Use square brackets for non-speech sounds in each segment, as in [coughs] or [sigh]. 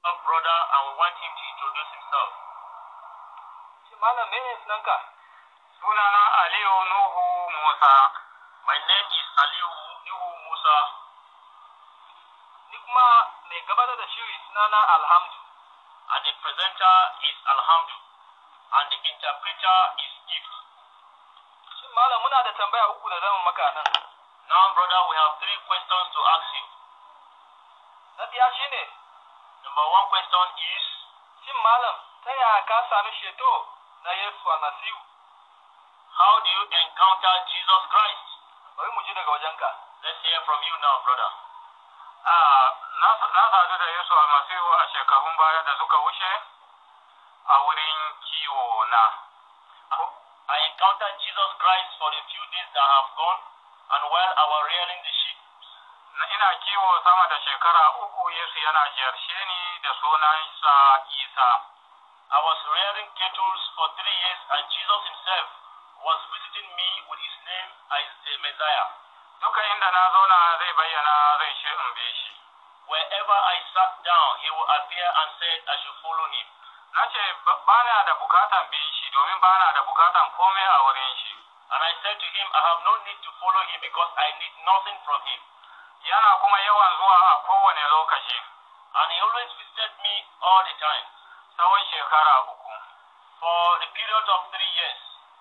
brother and we want him to introduce himself. Malam me ne sunanka? Sunana Aliyu Nuhu Musa. My name is Aliyu Nuhu Musa. Ni kuma mai gabatar da shiri sunana Alhamdu. And the presenter is Alhamdu. And the interpreter is Gift. Shin malam muna da tambaya uku da zamu maka nan. Now brother we have three questions to ask you. Na biya shine Number one question is, Si Malam, Taya Kasami Sheto, How do you encounter Jesus Christ? Let's hear from you now, brother. Ah, na sadu da Yesu Almasihu a shekarun baya da suka wuce kiwo na. I encountered Jesus Christ for the few days that have gone and while I was rearing the sheep. Ina kiwo sama da shekara uku Yesu yana ziyarce ni da sunansa Isa. I was rearing cattle for three years and Jesus himself was visiting me with his name as a eh, Messiah. Wherever I sat down, he would appear and said I should follow him. And I said to him, I have no need to follow him because I need nothing from him. And he always visited me all the time. Tsawon shekara uku. For the period of three years.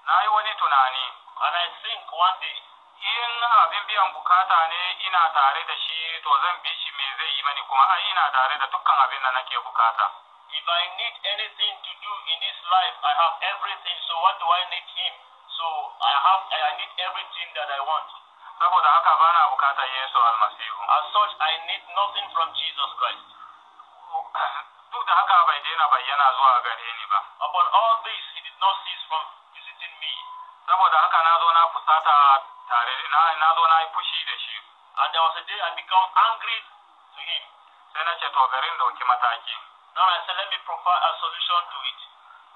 And I think one day. In abin biyan bukata ne ina tare da shi to zan bi shi me zai yi mani kuma ai ina tare da dukkan abin da nake bukata. If I need anything to do in this life, I have everything. So what do I need him? So I have I need everything that I want. saboda haka bana Yesu almasihu. As such, I need nothing from Jesus Christ. duk da haka bai daina bayyana zuwa gare ni ba upon all this he did not cease from visiting me saboda haka na zo na fusata tare na na zo na yi fushi da shi and there was a day I become angry to him sai na ce to garin dauki mataki now I said let me provide a solution to it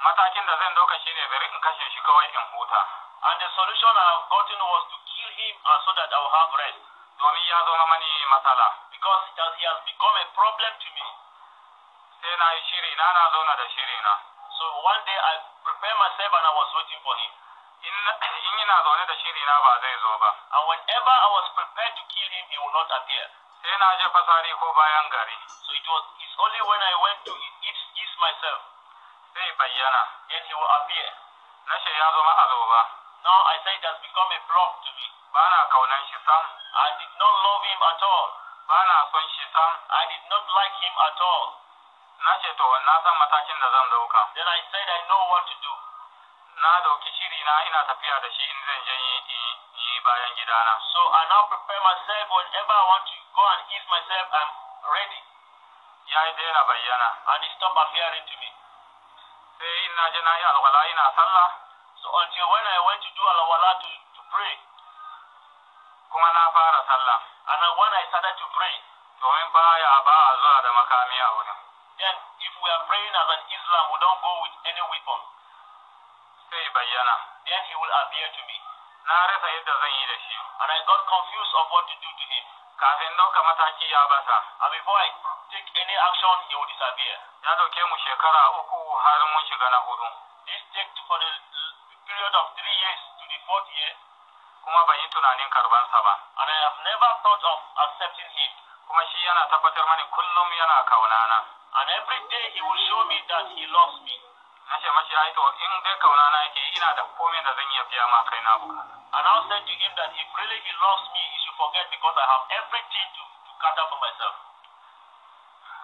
matakin da zan dauka shine bari in kashe shi kawai in huta and the solution I have gotten was to kill him and uh, so that I will have rest domin ya zama mani matsala because he has become a problem to me so one day I prepared myself and I was waiting for him [coughs] and whenever I was prepared to kill him he would not appear so it was it's only when I went to East, myself then he will appear now I say it has become a block to me I did not love him at all I did not like him at all na to san matakin da zan dauka then i said i know what to do na dauki shiri na ina tafiya da shi in zan je yi bayan gidana so i now prepare myself whenever i want to go and ease myself i'm ready ya yi daina bayyana and he stopped appearing to me sai in na je na yi alwala ina sallah so until when i went to do alwala to, to pray kuma na fara sallah and when i started to pray domin baya ba a zuwa da makami a wurin Then, if we are praying as an Islam, we don't go with any weapon. Sai bayyana. Then he will appear to me. Na rasa yadda zan yi da shi. And I got confused of what to do to him. Kafin ɗauka mataki ya bata. And before I take any action, he will disappear. Ya ɗauke mu shekara uku har mun shiga na hudu. This takes for the period of three years to the fourth year. Kuma ban yi tunanin karbansa ba. And I have never thought of accepting him. Kuma shi yana tabbatar mani kullum yana kaunana. And every day he will show me that he loves me. And I'll say to him that if really he loves me, he should forget because I have everything to, to gather for myself.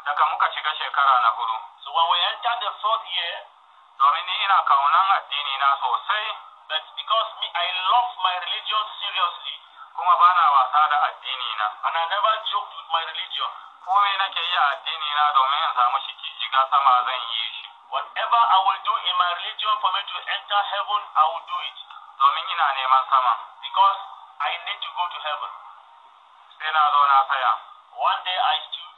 So when we enter the fourth year, but because me, I love my religion seriously, kuma ba na wasa da addini na and I never joke with my religion nake yi addini na domin in samu shi sama zan yi shi whatever I will do in my religion for me to enter heaven I will do it domin ina neman sama because I need to go to heaven sai na zo na saya one day I stood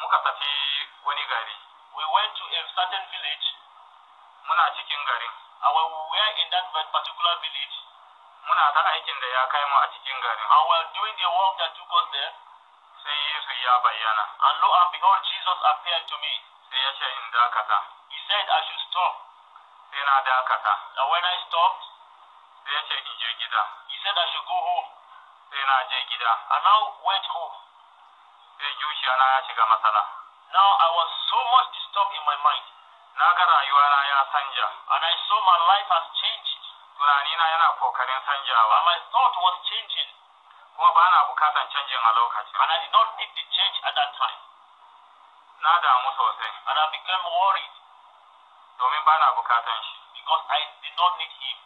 muka tafi wani gari we went to a certain village muna cikin garin we were in that particular village muna ta aikin da ya kai mu a cikin garin. And while doing the work that took us there, sai Yesu ya bayyana. And lo and behold, Jesus appeared to me. Sai ya ce in dakata. He said I should stop. Sai na dakata. And when I stopped, sai ya ce in je gida. He said I should go home. Sai na je gida. And now went home. Sai zuciya na ya shiga matsala. Now I was so much disturbed in my mind. Na ga rayuwa na ya sanja. And I saw my life has changed. tunanina yana kokarin sanjawa. My thought was changing. Kuma ba na bukatan canjin a lokaci. And I did not need the change at that time. Na damu sosai. And I became worried. Domin ba na bukatan shi. Because I did not need him.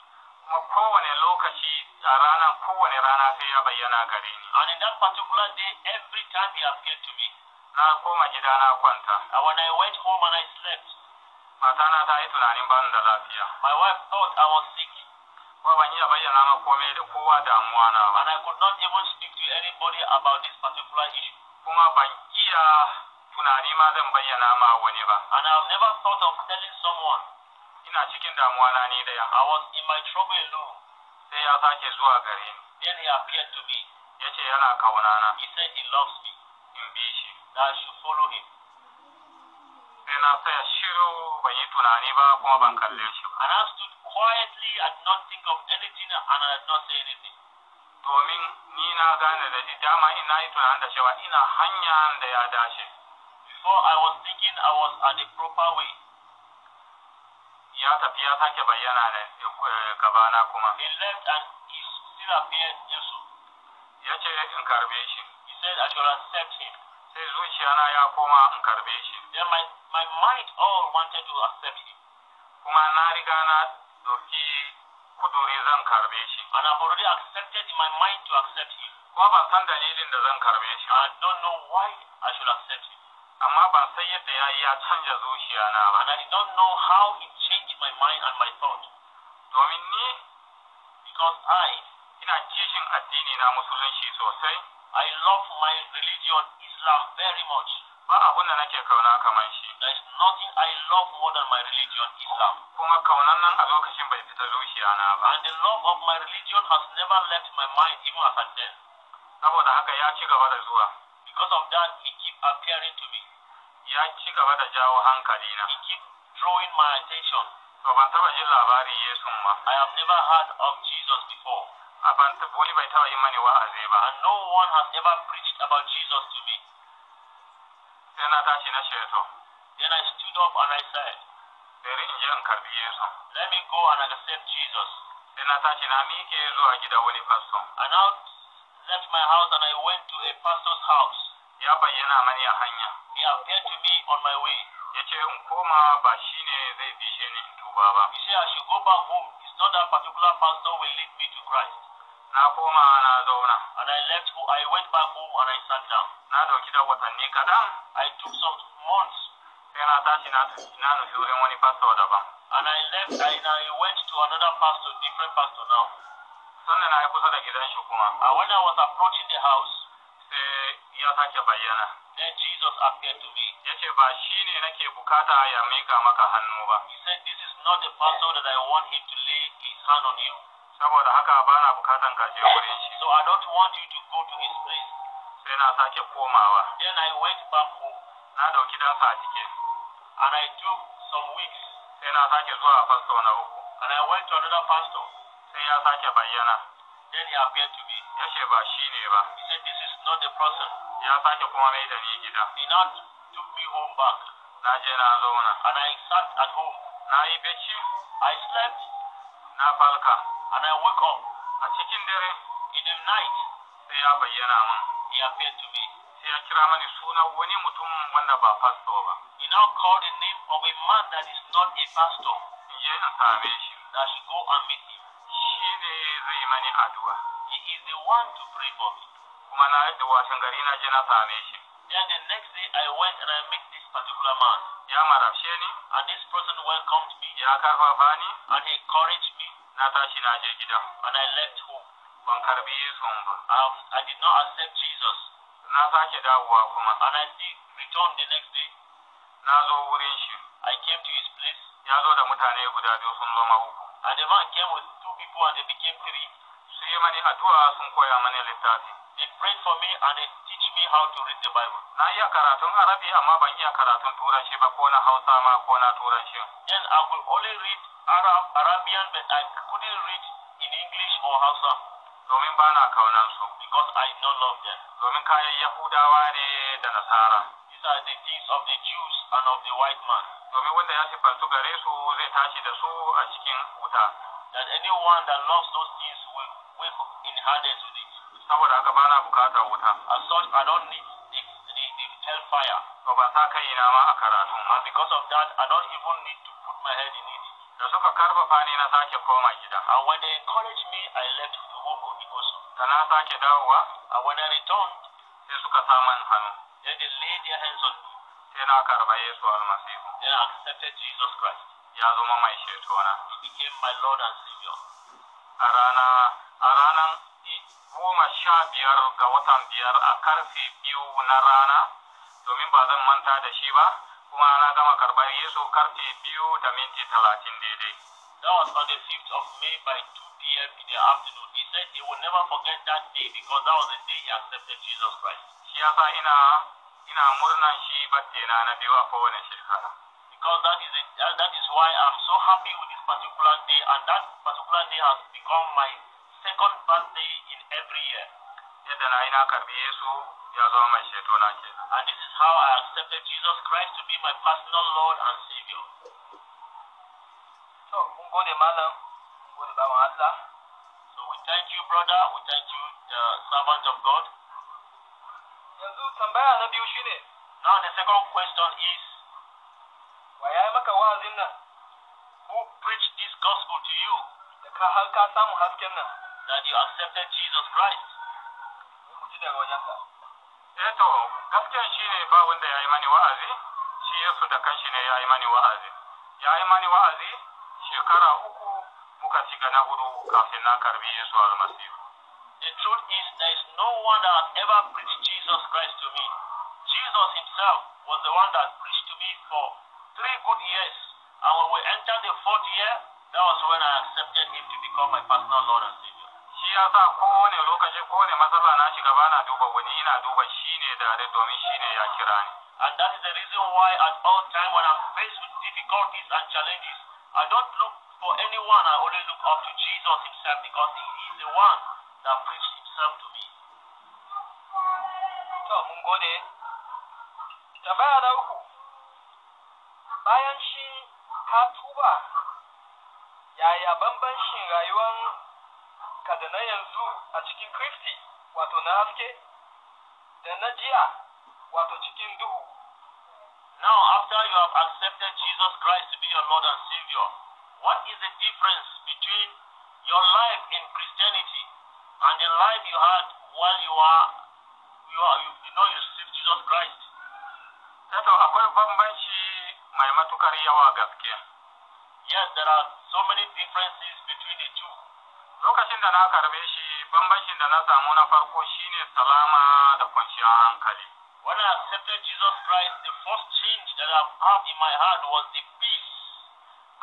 Kuma kowane lokaci a ranar kowane rana sai ya bayyana gare ni. And in that particular day, every time he appeared to me. Na koma gida na kwanta. And when I went home and I slept. Matana ta yi tunanin ban da lafiya. My wife thought I was sick. And I could not even speak to anybody about this particular issue. And I've never thought of telling someone. I was in my trouble alone. Then he appeared to me. He said he loves me. That I should follow him. And I stood quietly and not think of anything and I not say anything. Domin ni na gane da dama ina yi tunanin da cewa ina hanya da ya dace. Before I was thinking I was on the proper way. Ya tafi ya sake bayyana da eh, gabana kuma. He left and he still appeared Jesus. Ya ce in karbe shi. He said I should accept him. Sai zuciyana ya koma in karbe shi. Then my, my mind all wanted to accept him. Kuma na riga na So he could karbe shi. And I've already accepted in my mind to accept him. Kuma ban san dalilin da zan karbe shi. I don't know why I should accept him. Amma ban san yadda ya ya canja zuciya na ba. And I don't know how he changed my mind and my thought. Domin ni because I ina kishin addini na musulunci sosai. I love my religion Islam very much. Ba abun da nake kauna kamar shi. There is nothing I love more than my religion, Islam. Kuma kaunan nan a lokacin bai fita zuciya na ba. And the love of my religion has never left my mind even as I death. Saboda haka ya ci gaba da zuwa. Because of that, he keep appearing to me. Ya ci gaba da jawo hankali na. He keep drawing my attention. To ban taba jin Yesu ma. I have never heard of Jesus before. A ban wani bai taba yi mani wa'azi ba. And no one has ever preached about Jesus to me. Then I stood up and I said, Let me go and accept Jesus. And I left my house and I went to a pastor's house. He appeared to me on my way. He said, I should go back home. It's not that particular pastor will lead me to Christ na koma na zauna and I left I went back home and I sat down na dauki da watanni kadan I took some months sai na tashi na na nufi wurin wani pastor daban and I left I, I went to another pastor different pastor now sannan na kusa da gidan shi kuma and when I was approaching the house sai ya sake bayyana then Jesus appeared to me ya ce ba shi ne nake bukata ya mika maka hannu ba he said this is not the pastor that I want him to lay his hand on you saboda haka ba na bukatan ka je wurin shi so i don't want you to go to his place sai na sake komawa then i went back home na dauki dan sa cikin and i took some weeks sai na sake zuwa pastor na uku and i went to another pastor sai ya sake bayyana then he appeared to me ya ce ba shi ne ba he said this is not the person ya sake kuma mai da ni gida he now took me home back na je na zauna and i sat at home na yi bacci i slept na falka and I woke up. A chicken dere in the night, sai ya bayyana min, he appeared to me. Sai ya kira mani suna wani mutum wanda ba pastor ba. He now called the name of a man that is not a pastor. Je in same shi. That should go and meet him. Shi ne zai He is the one to pray for me. Kuma na yadda washin gari na je na same Then the next day I went and I met this particular man. Ya marabshe ni. And this person welcomed me. Ya karfafa ni. And he encouraged me na na je gida when I left home ban karbi Yesu ba I did not accept Jesus na sake dawowa kuma and I returned the next day na zo wurin shi I came to his place ya zo da mutane guda biyu sun zo ma uku and the man came with two people and they became three sai ya mani addu'a sun koya mani littafi they prayed for me and they teach me how to read the Bible na iya karatun Arabi amma ban iya karatun Turanci ba ko na Hausa ma ko na Turanci then I will only read Arab, Arabian, but I couldn't read in English or Hausa. Domin ba na kaunar su. Because I do not love them. Domin kayan Yahudawa ne da Nasara. These are the things of the Jews and of the white man. Domin wanda ya sifantu gare su zai tashi da su a cikin wuta. That anyone that loves those things will wake inherit with it. Saboda haka ba na bukatar wuta. As such, I don't need the, the, the hellfire. Ba ba sa kai na ma a karatu. And because of that, I don't even need to put my head in da suka karfafa ni na sake koma gida. And when they encouraged me, I left the work of the also. Da na sake dawowa, and when I returned, sai suka sa man hannu. Then they laid their hands on me. Sai na karba Yesu almasihu. Then I accepted Jesus Christ. Ya zama mai shetona. He became my Lord and Savior. A rana, a ranar goma sha biyar ga watan biyar a karfe biyu na rana, domin ba zan manta da shi ba, kuma gama karfe biyu da minti talatin daidai. That was on the 5th of May by 2 p.m. in the afternoon. He said he will never forget that day because that was the day he accepted Jesus Christ. Shi yasa ina ina murnan shi na na shekara. Because that is a, that is why I'm so happy with this particular day and that particular day has become my second birthday in yadda na yi na karbi Yesu ya zama mai ceto na ke. And this is how I accepted Jesus Christ to be my personal Lord and Savior. mun gode malam, gode bawan Allah. So we thank you brother, we thank you the uh, servant of God. Yanzu tambaya na biyu shine. Now the second question is. Wa ya maka wa'azin nan? Who preached this gospel to you? Da ka har ka samu hasken nan. That you accepted Jesus Christ. Eh, ne ba ya yesu ne ya ya uku muka na na karbi yesu the truth is there is no one that has ever preached jesus christ to me jesus himself was the one that preached to me for three good years and when we entered the fourth year that was when i accepted him to become my personal lord and savior ya sa kowane lokaci kowane matsala na shiga ba na duba wani ina duba shi ne da domin shi ne ya kira ni. And that is the reason why at all time when I'm faced with difficulties and challenges, I don't look for anyone. I only look up to Jesus himself because he is the one that preached himself to me. To mun gode. Tambaya na uku. Bayan shi ka tuba, yaya bambancin rayuwan yanzu a cikin kristi wato na haske da na jiya wato cikin duhu Now, after you have accepted Jesus Christ to be your Lord and Savior, what is the difference between your life in Christianity and the life you had while you are, you, are, you, you know you received Jesus Christ? Tato, akwai bambanci mai matukar yawa Yes, there are so many differences lokacin da na karbe shi bambancin da na samu na farko shine salama da kwanciyar hankali when I accepted Jesus Christ the first change that I have in my heart was the peace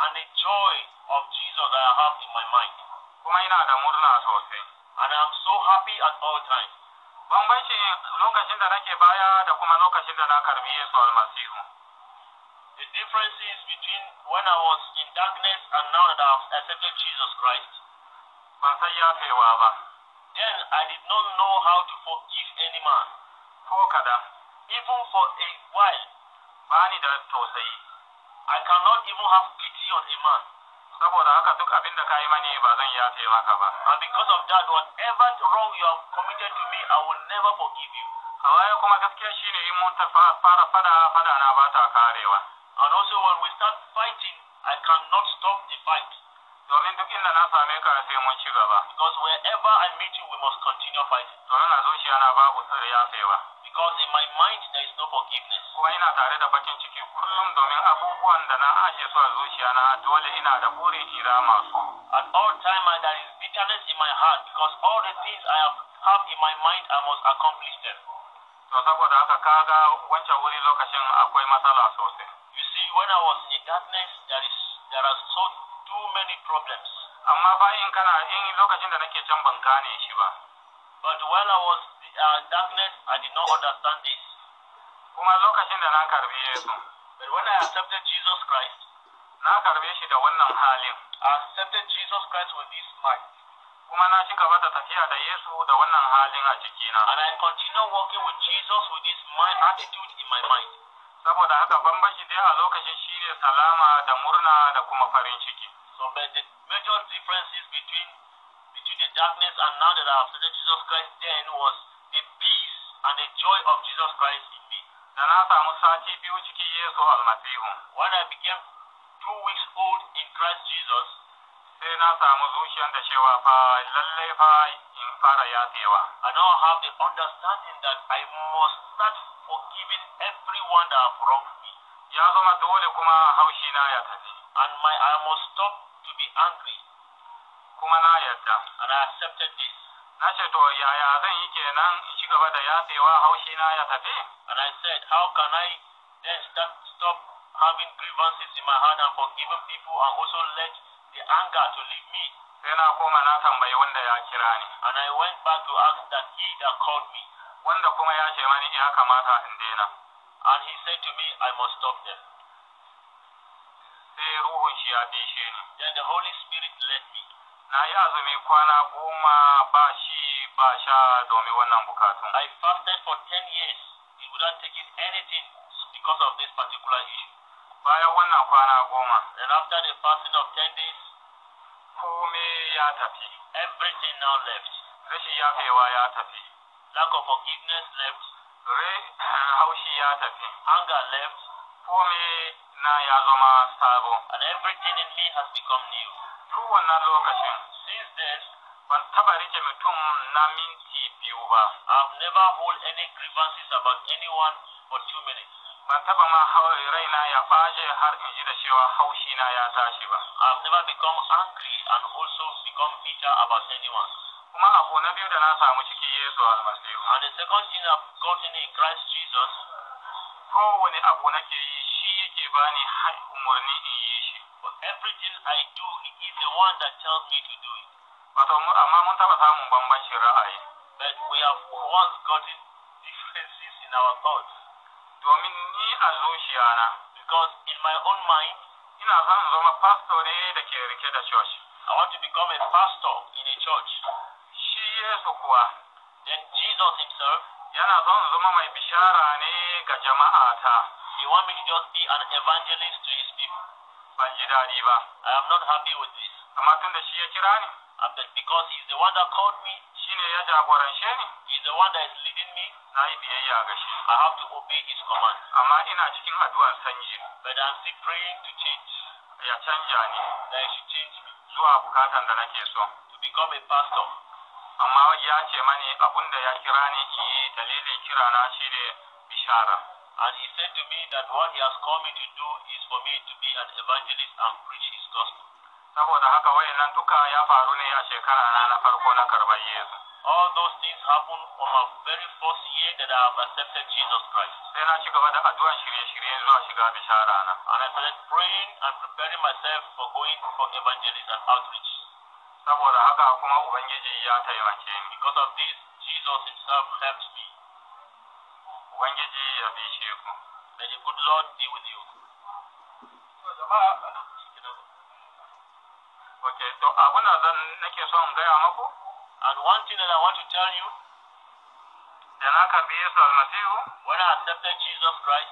and the joy of Jesus that I have in my mind kuma ina da murna sosai and I'm so happy at all times bambancin lokacin da nake baya da kuma lokacin da na karbi Yesu almasihu the differences between when I was in darkness and now that I've accepted Jesus Christ then I did not know how to forgive any man. Even for a while, I cannot even have pity on a man. And because of that, whatever wrong you have committed to me, I will never forgive you. And also when we start fighting, I cannot stop the fight. Because wherever I meet you, we must continue fighting. Domin a zuciya na babu tsiri ya Because in my mind there is no forgiveness. At all times there is bitterness in my heart because all the things I have, have in my mind I must accomplish them. You see when I was in the darkness there is there are so too many problems. Amma fa in kana in lokacin da nake can ban gane shi ba. But when I was uh, in uh, darkness, I did not understand this. Kuma lokacin da na karbi Yesu. But when I accepted Jesus Christ, na karbe shi da wannan halin. I accepted Jesus Christ with this mind. Kuma na ci gaba da tafiya da Yesu da wannan halin a cikina. And I continue walking with Jesus with this mind attitude in my mind saboda haka bambanci dai a lokacin shine salama da murna da kuma farin ciki so but the major differences between between the darkness and now that after have Jesus Christ then was the peace and the joy of Jesus Christ in me da na samu sati biyu cikin Yesu almasihu when I became two weeks old in Christ Jesus sai na samu zuciyar da cewa fa lallai fa in fara yafewa I now have the understanding that I must start forgiving every abubuwan da from ya zama dole kuma haushi na ya tafi and my I must stop to be angry kuma na yarda and I accepted this na ce to yaya zan yi kenan in ci gaba da yatsewa haushi na ya tafi and I said how can I then stop, stop having grievances in my heart and forgiving people and also let the anger to leave me sai na koma na tambayi wanda ya kira ni and I went back to ask that he that called me wanda kuma ya ce mani ya kamata in daina And he said to me, I must stop them. Then the Holy Spirit led me. I fasted for 10 years without taking anything because of this particular issue. And after the fasting of 10 days, everything now left. Lack of forgiveness left. Eh, left sabo and everything in me has become new since then when taba mutum na minti i've never hold any grievances about anyone for two minutes i've never become angry and also become bitter about anyone kuma abu na biyu da na samu cikin Yesu almasihu and the second thing I've gotten in Christ Jesus kowane abu nake yi shi yake bani har umarni in yi shi everything I do is the one that tells me to do it wato amma mun taba samun bambancin ra'ayi but we have once gotten differences in our thoughts domin ni a zuciyana because in my own mind ina son zama pastor ne da ke rike da church I want to become a pastor in a church yesu kuwa then jesus himself yana son zama mai bishara ne ga jama'a ta he want me to just be an evangelist to his people ban ji daɗi ba i am not happy with this amma tunda shi ya kira ni and because he is the one that called me shine ya jagorance ni he is the one that is leading me na yi biyayya ga shi i have to obey his command amma ina cikin addu'ar sanyi but i am still praying to change ya canja ni that he should change me zuwa bukatan da nake so to become a pastor amma ya ce mani ya kira ni dalilin kira na shine bishara and he said to me that what he has called me to do is for me to be an evangelist and preach his gospel saboda haka wayannan duka ya faru ne a shekara na na farko na karban Yesu all those things happen on my very first year that I have accepted Jesus Christ. And I started praying and preparing myself for going for evangelism outreach. saboda haka kuma ubangiji ya taimake ni because of this jesus himself helps me ubangiji ya bi shi ku may the good lord be with you Okay, to abin da zan nake so in gaya maku? And one thing that I want to tell you, da na karbi Yesu almasihu, when I accepted Jesus Christ,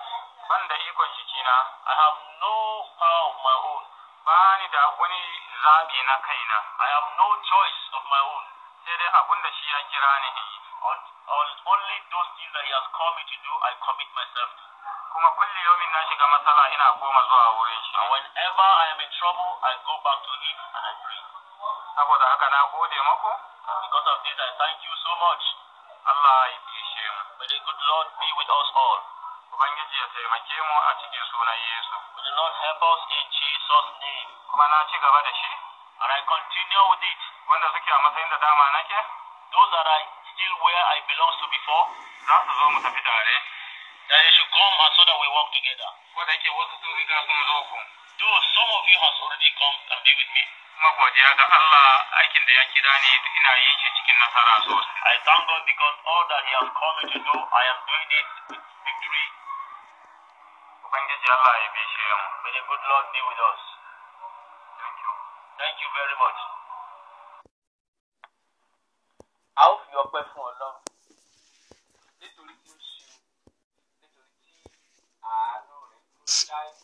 ban da ikon jikina, I have no power of my own. Ba ni da wani na kaina I have no choice of my own sai dai abin da shi ya kira ni in yi only those things that he has called me to do I commit myself to kuma kulli na shiga matsala ina koma zuwa wurin shi and whenever I am in trouble I go back to him and I pray saboda haka na gode maku because of this I thank you so much Allah ya bishe mu may the good Lord be with us all ubangiji ya taimake mu a cikin sunan Yesu may the Lord help us in kuma na ci gaba da shi and I continue with it wanda suke a matsayin da dama nake those that are still where I belong to before za su zo mu tafi tare that they should come and so that we work together ko da yake wasu sun riga sun zo ku though some of you has already come and be with me ga Allah aikin da ya kira ni ina yin shi cikin nasara sosai I thank God because all that he has called me to do I am doing it with victory Thank you, ya bishe May the good Lord be with us. Thank you. Thank you very much. A ó fi ọpẹ́ fún Ọlọ́run nítorí tí ó ṣe nítorí tí àánú rẹ̀ tó dáì.